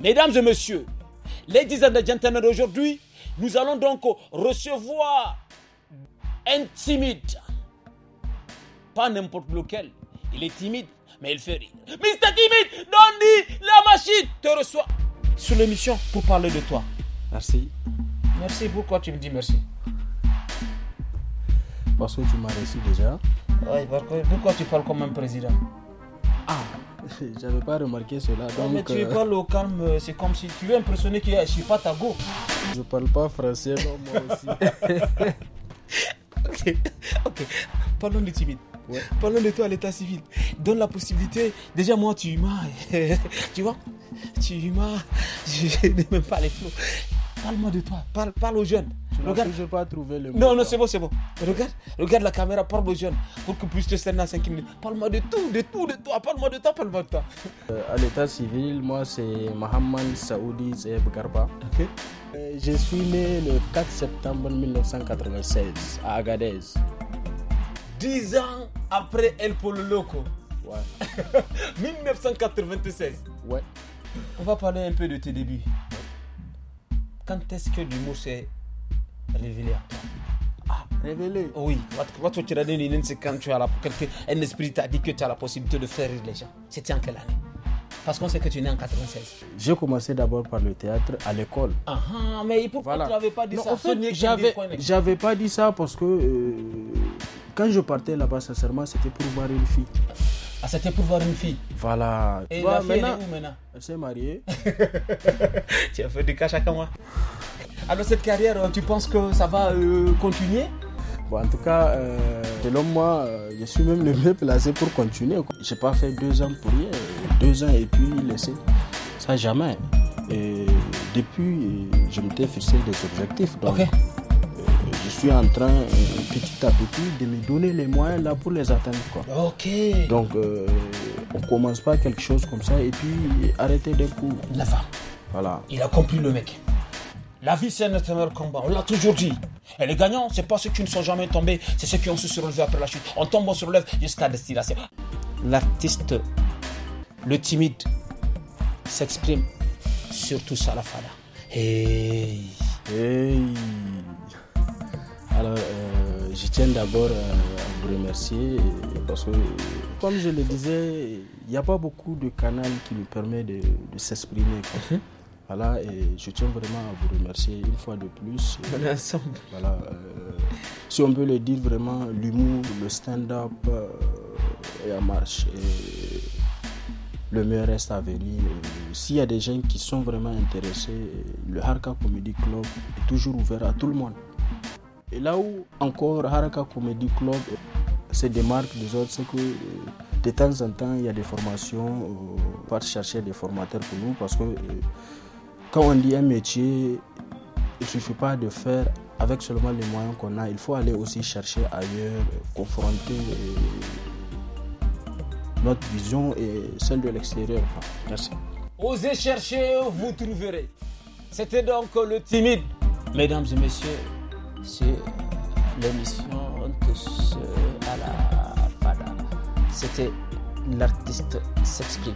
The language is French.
Mesdames et messieurs, ladies and gentlemen, aujourd'hui, nous allons donc recevoir un timide. Pas n'importe lequel. Il est timide, mais il fait rire. Mister Timide, Dandy, la machine te reçoit sur l'émission pour parler de toi. Merci. Merci, pourquoi tu me dis merci Parce que tu m'as reçu déjà. Oui, pourquoi tu parles comme un président J'avais pas remarqué cela. Donc, mais tu parles euh, au calme, c'est comme si tu veux impressionner qu'il y a go. Je parle pas français, non, moi aussi. ok, ok. Parlons de timide. Ouais. Parlons de toi à l'état civil. Donne la possibilité. Déjà, moi, tu humain. tu vois Tu humain. Je n'aime même pas les flots. Parle-moi de toi. Parle, parle aux jeunes. Je regarde. Je pas trouvé le mot. Non, non, c'est bon, c'est bon. Regarde, regarde la caméra, parle aux jeunes pour que puisse te servir dans 5 minutes. Parle-moi de tout, de tout, de toi. Parle-moi de toi, parle-moi de toi. Euh, à l'état civil, moi, c'est Mohamed Saoudi Zeb Garba. Euh, je suis né le 4 septembre 1996 à Agadez. 10 ans après El Polo Loco. Ouais. 1996. Ouais. On va parler un peu de tes débuts quand est-ce que l'humour s'est révélé à toi ah, révélé oh Oui. Quand tu as donné c'est quand tu as la, un esprit t'a dit que tu as la possibilité de faire rire les gens. C'était en quelle année parce qu'on sait que tu es né en 96. J'ai commencé d'abord par le théâtre à l'école. Ah, ah mais pourquoi tu n'avais pas dit ça j'avais, pas dit ça parce que euh, quand je partais là-bas, sincèrement, c'était pour voir une fille. Ah, c'était pour voir une fille. Voilà. Et la fille, maintenant, elle où maintenant Elle s'est mariée. tu as fait du cash à moi. Alors, cette carrière, euh, tu penses que ça va euh, continuer Bon, en tout cas, euh, selon moi, je suis même le mieux placé pour continuer. Je n'ai pas fait deux ans pour rien. Deux ans et puis laisser. Ça, jamais. Et depuis, je m'étais fixé des objectifs. Donc, en train euh, petit à petit de me donner les moyens là pour les atteindre. Quoi. Ok. Donc euh, on commence pas quelque chose comme ça et puis arrêter d'un coup. La fin Voilà. Il a compris le mec. La vie, c'est un éternel combat. On l'a toujours dit. Et les gagnants, c'est pas ceux qui ne sont jamais tombés, c'est ceux qui ont su se relever après la chute. On tombe, on se relève jusqu'à destination. L'artiste, le timide, s'exprime sur tout ça, la fada. Hey. Hey. Alors, euh, je tiens d'abord euh, à vous remercier parce que, comme je le disais, il n'y a pas beaucoup de canaux qui nous permettent de, s'exprimer. Mhm. Voilà, et je tiens vraiment à vous remercier une fois de plus. Voilà, euh, si on peut le dire vraiment, l'humour, le stand-up est en marche. le meilleur reste à venir. S'il y a des gens qui sont vraiment intéressés, le Harka Comedy Club est toujours ouvert à tout le monde. Et là où encore Haraka Comedy Club se démarque des autres, c'est que euh, de temps en temps, il y a des formations, on euh, va chercher des formateurs pour nous parce que euh, quand on dit un métier, il ne suffit pas de faire avec seulement les moyens qu'on a, il faut aller aussi chercher ailleurs, confronter notre vision et celle de l'extérieur. Merci. Osez chercher, vous trouverez. C'était donc le timide. Mesdames et messieurs, sur l'émission de à la C'était l'artiste s'exprime.